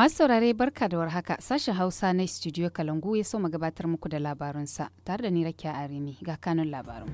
Masu saurare barka da warhaka sashen Hausa na Studio Kalangu ya so gabatar muku da labarunsa tare da ni Rakiya Arimi ga kanun labarun.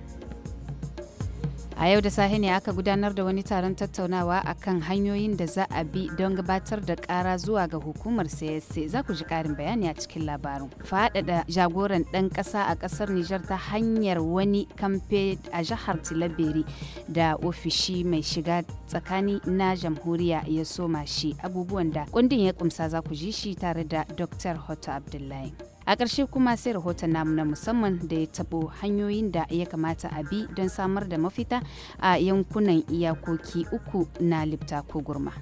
A yau da sahi ne aka gudanar da wani taron tattaunawa akan hanyoyin da za a bi don gabatar da kara zuwa ga hukumar CSC. Za ku ji karin bayani a cikin labarin. Faɗaɗa jagoran ɗan ƙasa a ƙasar Nijar ta hanyar wani kamfe a jihar Tilaberi da ofishi mai shiga tsakani na jamhuriya ya soma shi abubuwan da kundin ya kumsa za ku ji shi tare da Dr. Hoto Abdullahi. a ƙarshe kuma sai rahoton namu na musamman da ya tabo hanyoyin da ya kamata a bi don samar da mafita a yankunan iyakoki uku na lipta ko gurma.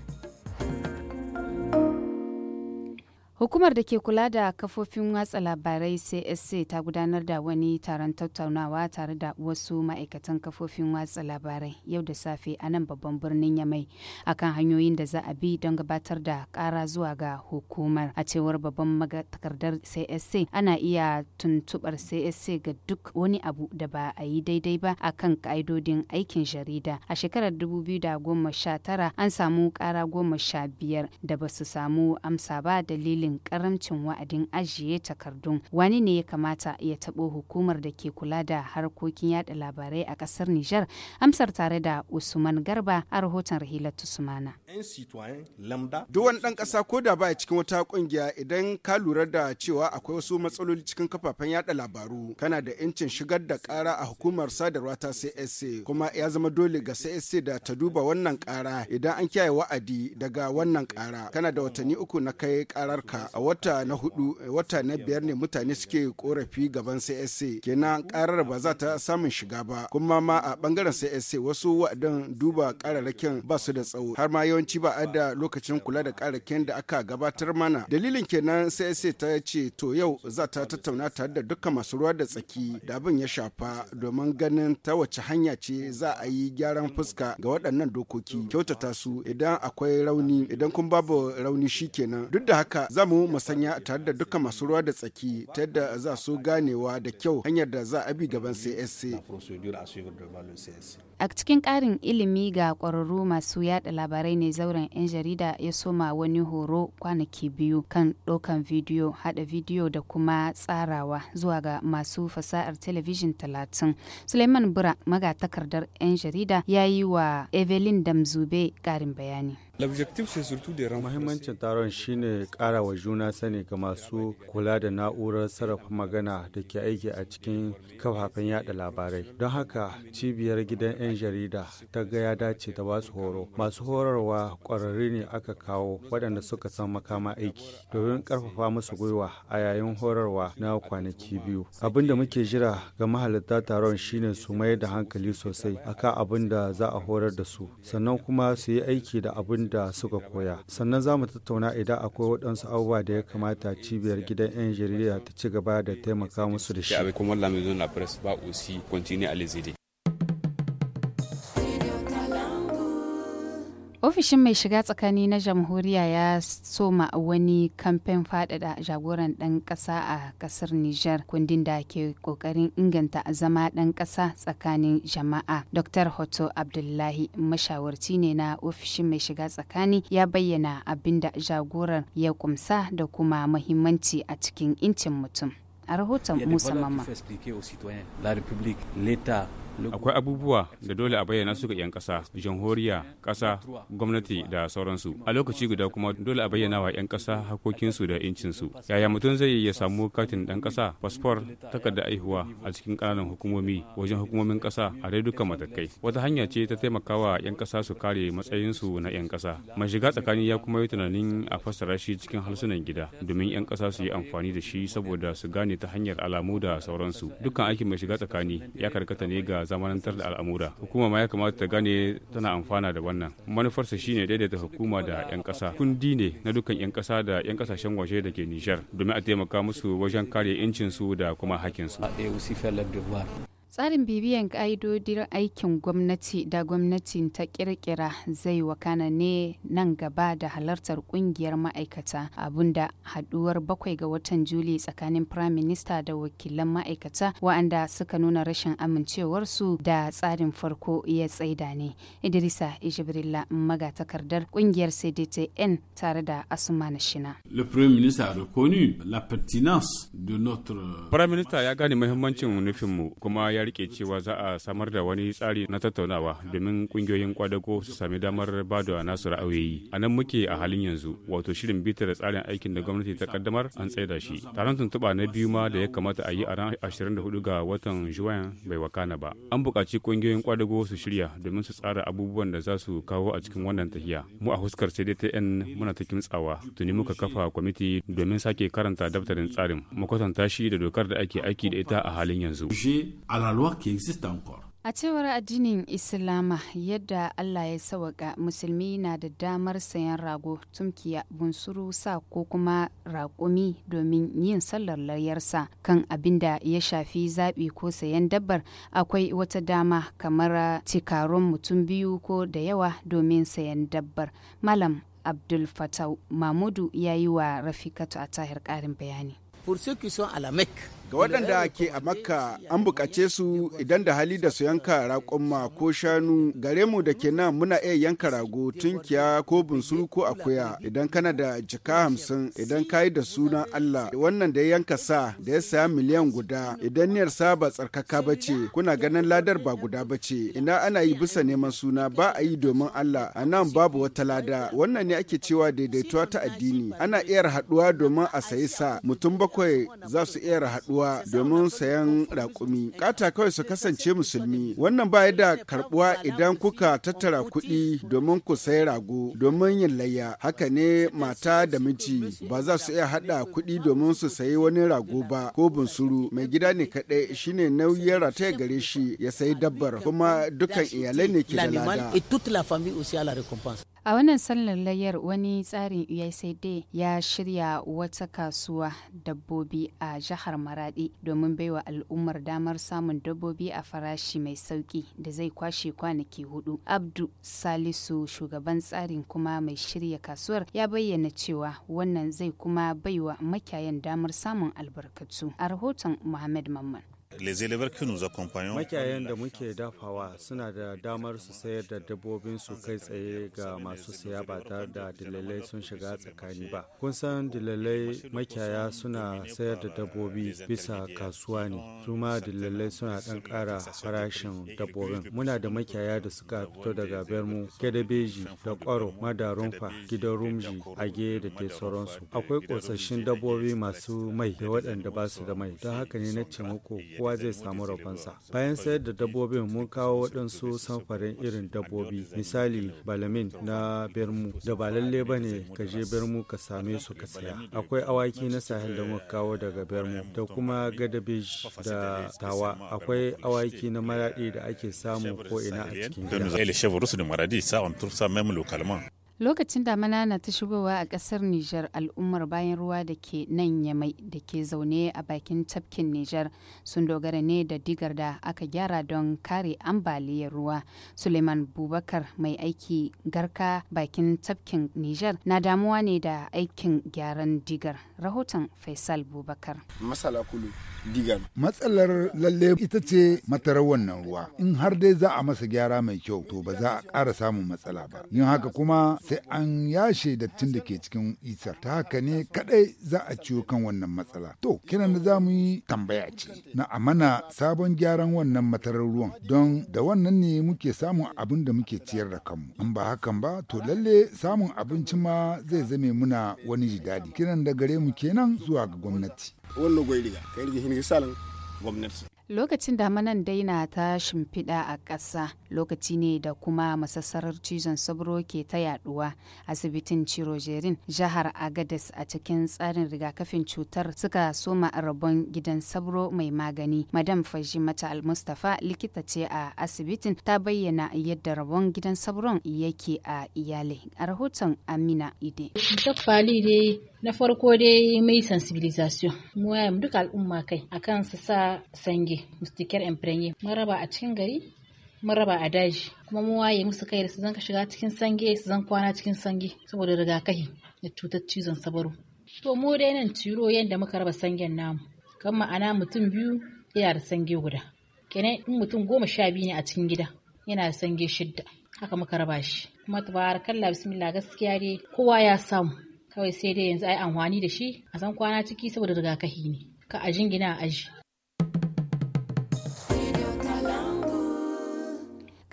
Hukumar da ke kula da kafofin watsa labarai CSC ta gudanar da wani taron tattaunawa tare da wasu ma'aikatan kafofin watsa labarai yau da safe a nan babban birnin Yamai akan hanyoyin da za a bi don gabatar da kara zuwa ga hukumar. A cewar babban magatakardar CSC ana iya tuntubar CSC ga duk wani abu da ba a yi daidai ba a kan ka'idodin aikin jarida. A shekarar 2019 an samu kara goma sha biyar da ba su samu amsa ba dalilin dalilin karamcin wa'adin ajiye takardun wani ne ya kamata ya taɓo hukumar da ke kula da harkokin yada labarai a ƙasar Nijar amsar tare da Usman Garba a rahoton Rahilat Usmana. Duk wani ɗan ƙasa ko da ba cikin wata ƙungiya idan ka lura da cewa akwai wasu matsaloli cikin kafafen yada labaru kana da 'yancin shigar da ƙara a hukumar sadarwa ta CSA kuma ya zama dole ga CSA da ta duba wannan ƙara idan an kiyaye wa'adi daga wannan ƙara kana da watanni uku na kai ƙarar haka a wata na hudu eh, wata na biyar ne mutane suke korafi gaban CSA kenan karar ba za ta samun shiga ba kuma ma a bangaren CSA wasu wa'adin duba kararrakin ba su da tsawo har ma yawanci ba a da lokacin kula da kararrakin da aka gabatar mana dalilin kenan CSA ta ce to yau za ta tattauna tare da dukkan masu ruwa da tsaki da abin ya shafa domin ganin ta wace hanya ce za a yi gyaran fuska ga waɗannan dokoki kyautata su idan akwai rauni idan kun babu rauni shi kenan. duk da haka za za mu musanya tare da duka masu ruwa da tsaki ta yadda za su ganewa da kyau hanyar da za a bi gaban csc a cikin ƙarin ilimi ga ƙwararru masu yada labarai ne zauren 'yan jarida ya soma wani horo kwanaki biyu kan ɗaukan bidiyo haɗa bidiyo da kuma tsarawa zuwa ga masu fasahar talabijin talatin suleiman bura magatakardar 'yan jarida ya yi wa evelyn damzube ƙarin bayani Mahimmancin taron shine ƙara wa juna sani ga masu kula da na'urar sarrafa magana da ke aiki a cikin kafafen yada labarai. Don haka cibiyar gidan 'yan jarida ta ga ya dace ta basu horo. Masu horarwa ƙwararre ne aka kawo waɗanda suka san makama aiki domin ƙarfafa musu gwiwa a yayin horarwa na kwanaki biyu. Abin da muke jira ga mahalarta taron shine su mayar da hankali sosai akan abin da za a horar da su sannan kuma su yi aiki da abin abin da suka koya sannan za mu tattauna idan akwai waɗansu abubuwa da ya kamata cibiyar gidan 'yan jarida ta ci gaba da taimaka musu da shi ofishin mai shiga tsakani na jamhuriya ya soma wani kamfen faɗaɗa jagoran ɗan ƙasa a ƙasar niger kundin da ke ƙoƙarin inganta zama ɗan ƙasa tsakanin jama'a dr hoto abdullahi mashawarci ne na ofishin mai shiga tsakani ya bayyana abin da jagoran ya kumsa da kuma muhimmanci a cikin incin mutum a rahoton musa akwai abubuwa da dole a bayyana su ga 'yan ƙasa jamhuriya ƙasa gwamnati da sauransu a lokaci guda kuma dole a bayyana wa 'yan ƙasa hakokinsu da incinsu yaya mutum zai iya samu katin ɗan ƙasa fasfor takarda aihuwa a cikin ƙananan hukumomi wajen hukumomin ƙasa a dai dukkan matakai wata hanya ce ta taimakawa 'yan ƙasa su kare matsayinsu na 'yan ƙasa mai shiga tsakani ya kuma yi tunanin a fassara shi cikin harsunan gida domin 'yan ƙasa su yi amfani da shi saboda su gane ta hanyar alamu da sauransu dukkan aikin mai shiga tsakani ya karkata ne ga zamanantar da al'amura hukuma ma ya kamata ta gane tana amfana da wannan manufarsa shine daidaita hukuma da 'yan kasa kundi ne na dukkan 'yan kasa da 'yan kasashen waje da ke nishar domin a taimaka musu wajen kare 'yancin su da kuma hakkin su Tsarin bibiyan ƙa'idodin aikin gwamnati da gwamnati ta ƙirƙira zai wakana ne nan gaba da halartar ƙungiyar ma'aikata abinda haduwar bakwai ga watan Juli tsakanin Prime Minister da wakilan ma'aikata wa'anda suka nuna rashin amincewarsu da tsarin farko ya tsaida ne. Idrisa Ijibrilla magatakardar ƙungiyar CDTN tare da Asuma Shina. Le Prime Minister ya gane muhimmancin nufinmu kuma ya rike cewa za a samar da wani tsari na tattaunawa domin kungiyoyin kwadago su sami damar ba da nasu ra'ayoyi a nan muke a halin yanzu wato shirin bitar tsarin aikin da gwamnati ta kaddamar an tsaida shi taron tuntuɓa na biyu ma da ya kamata a yi a ran 24 ga watan juwan bai wakana ba an buƙaci kungiyoyin kwadago su shirya domin su tsara abubuwan da za su kawo a cikin wannan tahiya mu a huskar sai dai ta yan muna ta kimtsawa tuni muka kafa kwamiti domin sake karanta daftarin tsarin mu kwatanta shi da dokar da ake aiki da ita a halin yanzu. alwak encore. A cewar addinin Islama yadda Allah ya sawaka musulmi na da damar sayan rago, tumkiya, bunsuru, sa ko kuma raƙumi domin yin sallar layyarsa kan abin da ya shafi zaɓi ko sayan dabbar akwai wata dama kamar cikarun mutum biyu ko da yawa domin sayan dabbar. Malam Abdul Fatau Mamudu ya yi wa Rafikatu a tahir ƙarin bayani. Pour ceux qui sont ga waɗanda ke a makka an buƙace su idan da hali da su yanka raƙumma ko shanu gare mu da ke nan muna iya yanka rago tunkiya ko bunsuru ko akuya idan kana da jika hamsin idan ka yi da suna allah wannan da ya yanka sa da ya saya miliyan guda idan niyar sa ba tsarkaka ba ce kuna ganin ladar ba guda ba ce ina ana yi bisa neman suna ba a yi domin allah a nan babu wata lada wannan ne ake cewa daidaituwa ta addini ana iya haɗuwa domin a sayi sa mutum bakwai za su iya haɗuwa karbuwa domin sayan raƙumi. Kata kawai su kasance musulmi. Wannan ba da karbuwa idan kuka tattara kuɗi domin ku sayi rago domin yin layya. Haka ne mata da miji ba za su iya hada kuɗi domin su sayi wani rago ba ko bunsuru. Mai gida ne kaɗai shine nauyin rataya gare shi ya sayi dabbar kuma dukkan iyalai ne ke da lada. A wannan sallar layar wani tsarin USAID ya shirya wata kasuwa dabbobi a jihar Maradi domin baiwa al'ummar damar samun dabbobi a farashi mai sauki da zai kwashe kwanaki hudu. Abdu Salisu shugaban tsarin kuma mai shirya kasuwar ya bayyana cewa wannan zai kuma baiwa makiyayan damar samun albarkatu. A rahoton Muhammad Mamman. Makiyayan da muke dafawa suna da damar su sayar da dabbobin su kai tsaye ga masu saya ba tare da dalilai sun shiga tsakani ba. Kun san dalilai makiyaya suna sayar da dabbobi bisa kasuwa ne, kuma dilalai suna ɗan ƙara farashin dabbobin. Muna da makiyaya da suka fito daga Bermu, Kedebeji, da Kwaro, Madarunfa, Gidan Rumji, Age da dai sauransu. Akwai ƙosashin dabbobi masu mai da waɗanda ba su da mai, don haka ne na ce muku kowa zai samu rabonsa bayan sayar da dabbobin mun kawo waɗansu samfarin irin dabbobi misali balamin na bermu da ba lalle ba ne ka je bermu ka same su ka saya akwai awaki na sahel da muka kawo daga bermu da kuma gadabej da tawa akwai awaki na maraɗi da ake samu ko ina a cikin gida lokacin damana na ta shigowa a ƙasar Nijar al'ummar bayan ruwa da ke nan yamai da ke zaune a bakin tafkin Nijar sun dogara ne da digar da aka gyara don kare ambaliyar ruwa. Suleiman Bubakar mai aiki garka bakin tafkin Nijar na damuwa ne da aikin gyaran digar. Rahoton Faisal Bubakar. Masala kulu digal. Matsalar lalle ita ce matarar wannan ruwa. In har dai za a masa gyara mai kyau to ba za a ƙara samun matsala ba. Yin haka kuma sai an yashe dattin da ke cikin isar. Ta haka ne kaɗai za a ciwo kan wannan matsala. To, kiran da za mu yi tambaya ce. Na mana sabon gyaran wannan matarar ruwan don da wannan ne muke samun abin da muke ciyar da kanmu. In ba hakan ba to lalle samun abinci ma zai zame muna wani jidadi. Kiran da gare mu kenan zuwa ga gwamnati. wannan goyi riga kai rige hin salin gwamnati lokacin damanan daina ta shimfiɗa a ƙasa lokaci ne da kuma masassarar cizon sabro ke ta yaɗuwa asibitin cirojerin jihar agadis a cikin tsarin rigakafin cutar suka soma rabon gidan sabro mai magani madam fajimata almustafa likita ce a asibitin ta bayyana yadda rabon gidan sabron yake a iyalai a rahoton amina ide na farko dai mai sensibilisation mu waya mu duka al'umma kai akan su sa sange mustikar impranye mun a cikin gari mun a daji kuma mu waye musu kai da su zanka shiga cikin sange su zan kwana cikin sange saboda rigakafi da cutar cizon sabaro to mu dai nan tiro yadda muka raba sangen namu kan ma'ana mutum biyu yana da sange guda kenan in mutum goma sha biyu ne a cikin gida yana da sange shidda haka muka raba shi kuma tabarakallah bismillah gaskiya dai kowa ya samu kawai sai dai yanzu ai amfani da shi a san kwana ciki saboda rigakafi ne ka a jingina a aji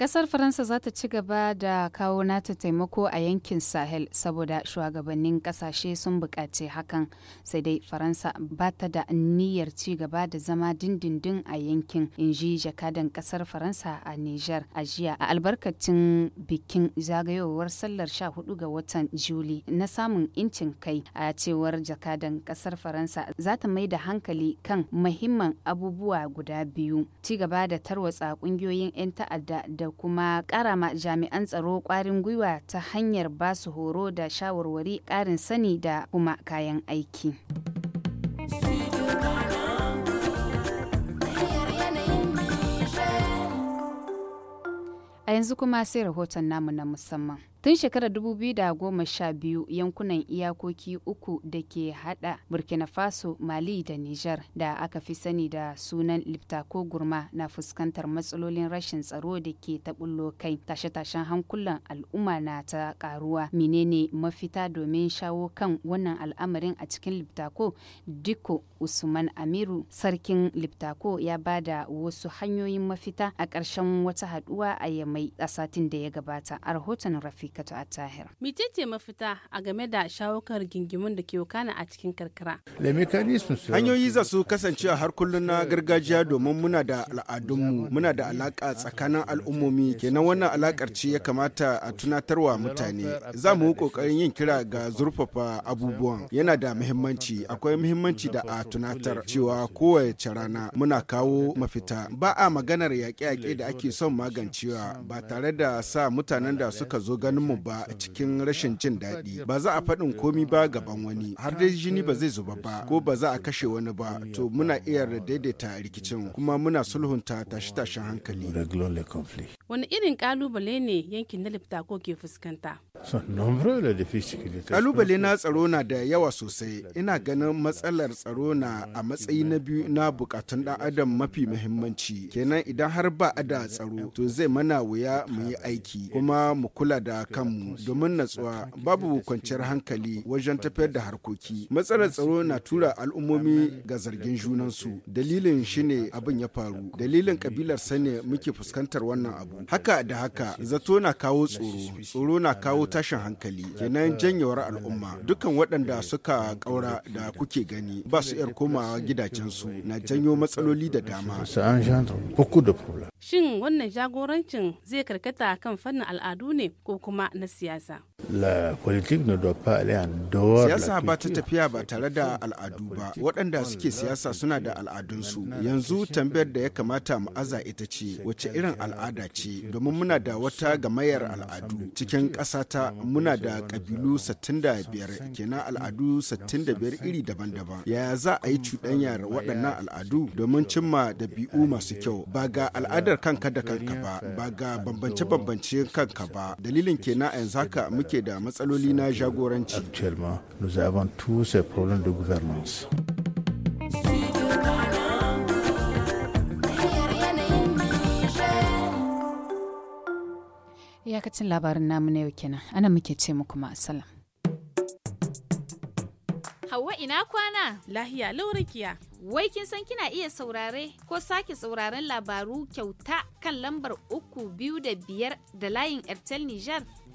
Kasar Faransa za ta ci gaba da kawo nata taimako a yankin Sahel saboda shugabannin kasashe sun bukaci hakan sai dai Faransa ba ta da niyyar ci gaba da zama dindindin a yankin inji jakadan kasar Faransa a Nijar a jiya a albarkacin bikin zagayowar sallar 14 ga watan Juli na samun incin kai a cewar jakadan kasar Faransa za ta mai da hankali kan mahimman abubuwa guda biyu ci gaba da tarwatsa ƙungiyoyin 'yan ta'adda da kuma kuma ma jami'an tsaro kwarin gwiwa ta hanyar ba su horo da shawarwari ƙarin sani da kuma kayan aiki. A yanzu kuma sai rahoton namu na musamman. Tun shekarar 2012 yankunan iyakoki uku da ke hada Burkina Faso, Mali da Nijar da aka fi sani da sunan Liptako Gurma na fuskantar matsalolin rashin tsaro da ke taɓullo kai tashe-tashen hankulan al'umma na ta karuwa. Menene mafita domin shawo kan wannan al'amarin a cikin Liptako? Diko Usman Amiru sarkin Liptako ya ba da wasu hanyoyin mafita a ƙarshen wata haɗuwa a Yamai a satin da ya gabata a rahoton Rafi. Rikatu Attahir. Mice ce mafita a game da shawakar gingimin da ke wakana a cikin karkara? Hanyoyi za su kasance a har kullum na gargajiya domin muna da al'adunmu, muna da alaka tsakanin al'ummomi, kenan wannan alakar ce ya kamata a tunatarwa mutane. Za mu kokarin yin kira ga zurfafa abubuwan. Yana da muhimmanci, akwai muhimmanci da a tunatar cewa kowace rana muna kawo mafita. Ba a maganar yaƙe-yaƙe da ake son magancewa ba tare da sa mutanen da suka zo ganin mu ba cikin rashin jin daɗi ba za a faɗin komi ba gaban wani har dai jini ba zai zuba ba ko ba za a kashe wani ba to muna iya daidaita rikicin kuma muna sulhunta tashe-tashen hankali wani irin kalubale ne yankin na ko ke fuskanta kalubale na tsaro na da yawa sosai ina ganin matsalar tsaro na a matsayi na biyu na bukatun ɗan adam mafi muhimmanci kenan idan har ba a da tsaro to zai mana wuya mu yi aiki kuma mu kula da kanmu domin natsuwa babu kwanciyar hankali wajen tafiyar da harkoki matsalar tsaro na tura al'ummomi ga zargin junansu dalilin shine abin ya faru dalilin kabilar sane muke fuskantar wannan abu haka da haka zato na kawo tsoro tsoro na kawo tashin hankali kenan janyewar al'umma dukan waɗanda suka ƙaura da kuke gani ba su yar komawa gidajensu na janyo matsaloli da dama shin wannan jagorancin zai karkata kan fannin al'adu ne ko kuma kuma na siyasa. Siyasa ba ta tafiya ba tare da al'adu ba, waɗanda suke siyasa suna da al'adunsu. Yanzu tambayar da ya kamata mu ita ce, wace irin al'ada ce, domin muna da wata gamayar al'adu. Cikin ƙasata muna da ƙabilu 65, kenan al'adu 65 iri daban-daban. Yaya za a yi cuɗanyar waɗannan al'adu domin cimma dabi'u masu kyau, ba ga al'adar kanka da kanka ba, ba ga bambance-bambance kanka ba. Dalilin ke kenan a yanzu haka muke da matsaloli na jagoranci. Iyakacin labarin namu na yau kenan, ana muke ce muku asala. Hauwa ina kwana? Lahiya laurakiya. Wai kin san kina iya saurare ko sake sauraren labaru kyauta kan lambar uku biyu da biyar da layin Airtel Nijar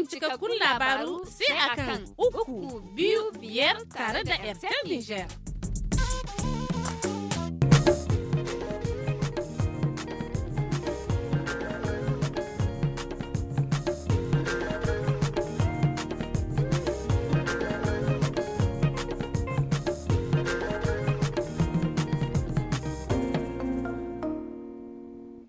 Samun cikakkun labaru sai akan uku biyu biyar tare da Airtel Niger.